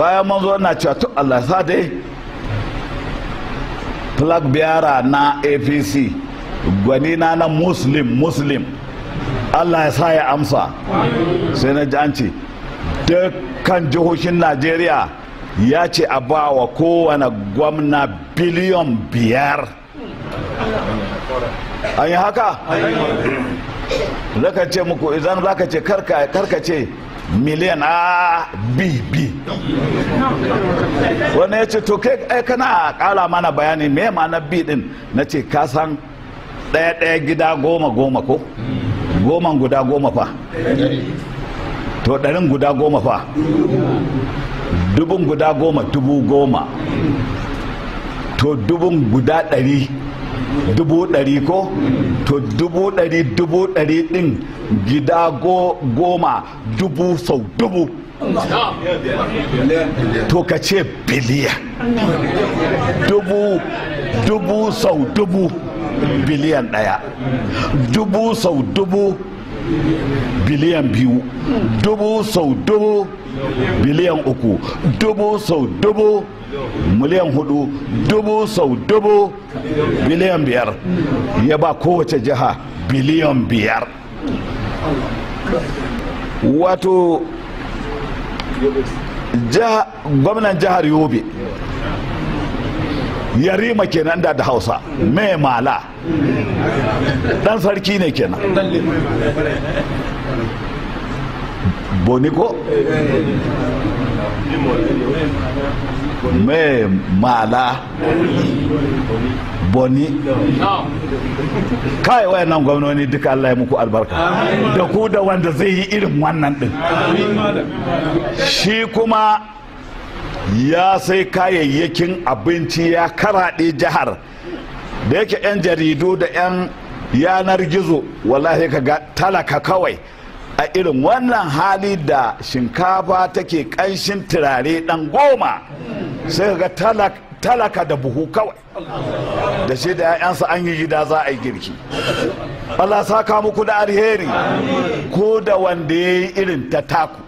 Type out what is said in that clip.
bayan manzo na cewa to Allah sa dai flag biyara na apc gwani na na muslim muslim Allah ya sa ya amsa sai na janci dukkan jihohin najeriya ya ce a ba wa kowane gwamna biliyon biyar an yi haka zaka ce muku idan zaka ce karkace miliyan a b wani ya ce to kai ai kana kara mana bayani me ma na b din na ce kasan ɗaya ɗaya gida goma goma ko goma guda goma fa to ɗarin guda goma fa dubun guda goma dubu goma to dubun guda ɗari dubu ɗari ko to dubu ɗari dubu ɗari ɗin gida goma dubu sau dubu to ka ce biliyan dubu dubu sau dubu biliyan ɗaya dubu sau dubu biliyan biyu dubu sau dubu biliyan uku dubu sau dubu miliyan hudu dubu sau dubu biliyan biyar ya ba kowace jiha biliyan biyar wato gwamnan jihar yobe yarima kenan da da hausa mai mala dan sarki ne kenan boniko mai mala boni kai wayan nan gwamnoni duka Allah ya muku albarka da ku da wanda zai yi irin wannan din shi kuma ya sai kayayyakin abinci ya karaɗe jihar da yake 'yan jaridu da 'yan yanar gizo wallahi ka ga talaka kawai a irin wannan hali da shinkafa take kanshin turare dan goma sai ka ga talaka da buhu kawai da shi da 'ya'yansa an yi gida za a yi girki Allah saka muku da alheri ko da wanda ya yi irin ta taku